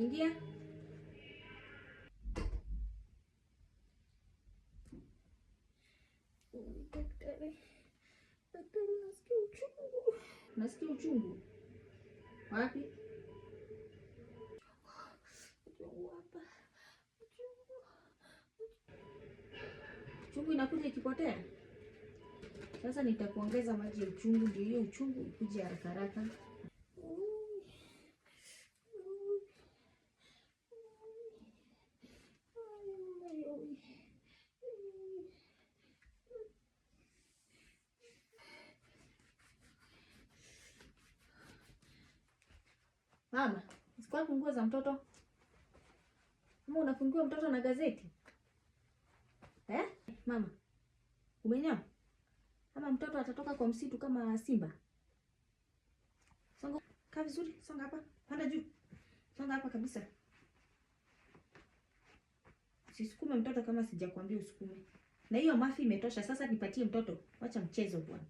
Ingia. uchungu. Nasikia uchungu wapi? Uchungu inakuja ikipotea. Sasa nitakuongeza maji ya uchungu, ndio hiyo uchungu ikuje haraka haraka. Mama, usikwapi funguo za mtoto? Mama, unafungiwa mtoto na gazeti eh? Mama umenyama, ama mtoto atatoka kwa msitu kama simba. Songa kaa vizuri, songa hapa, panda juu, songa hapa kabisa. Sisukume mtoto kama sijakwambia usukume. Na hiyo mafi imetosha sasa, nipatie mtoto. Wacha mchezo bwana.